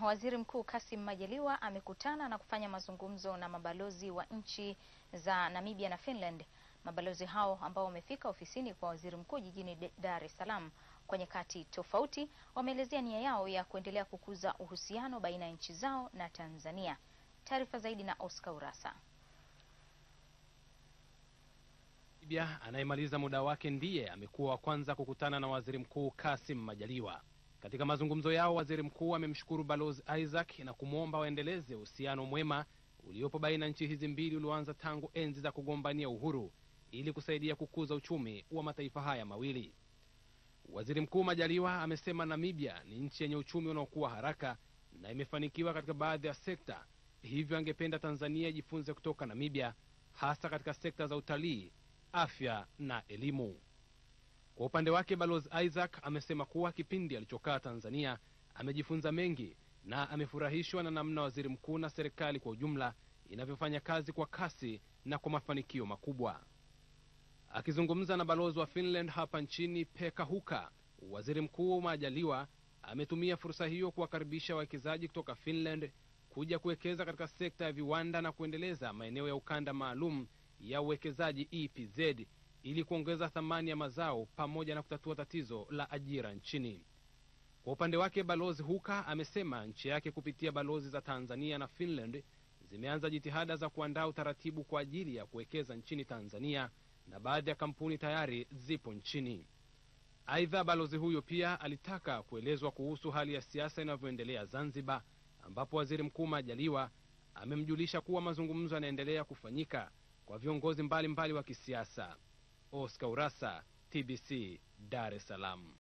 Waziri Mkuu Kassim Majaliwa amekutana na kufanya mazungumzo na mabalozi wa nchi za Namibia na Finland. Mabalozi hao ambao wamefika ofisini kwa Waziri Mkuu jijini Dar es Salaam kwa nyakati tofauti wameelezea nia yao ya kuendelea kukuza uhusiano baina ya nchi zao na Tanzania. Taarifa zaidi na Oscar Urasa. Namibia anayemaliza muda wake ndiye amekuwa wa kwanza kukutana na Waziri Mkuu Kassim Majaliwa. Katika mazungumzo yao, waziri mkuu amemshukuru Balozi Isaac na kumwomba waendeleze uhusiano mwema uliopo baina nchi hizi mbili ulioanza tangu enzi za kugombania uhuru ili kusaidia kukuza uchumi wa mataifa haya mawili. Waziri Mkuu Majaliwa amesema Namibia ni nchi yenye uchumi unaokuwa haraka na imefanikiwa katika baadhi ya sekta, hivyo angependa Tanzania ijifunze kutoka Namibia, hasa katika sekta za utalii, afya na elimu. Kwa upande wake Balozi Isaac amesema kuwa kipindi alichokaa Tanzania amejifunza mengi na amefurahishwa na namna waziri mkuu na serikali kwa ujumla inavyofanya kazi kwa kasi na kwa mafanikio makubwa. Akizungumza na balozi wa Finland hapa nchini Pekka Huka, waziri mkuu Majaliwa ametumia fursa hiyo kuwakaribisha wawekezaji kutoka Finland kuja kuwekeza katika sekta ya viwanda na kuendeleza maeneo ya ukanda maalum ya uwekezaji EPZ ili kuongeza thamani ya mazao pamoja na kutatua tatizo la ajira nchini. Kwa upande wake, Balozi Huka amesema nchi yake kupitia balozi za Tanzania na Finland zimeanza jitihada za kuandaa utaratibu kwa ajili ya kuwekeza nchini Tanzania na baadhi ya kampuni tayari zipo nchini. Aidha, balozi huyo pia alitaka kuelezwa kuhusu hali ya siasa inavyoendelea Zanzibar, ambapo waziri mkuu Majaliwa amemjulisha kuwa mazungumzo yanaendelea kufanyika kwa viongozi mbalimbali wa kisiasa. Oscar Urasa, TBC, Dar es Salaam.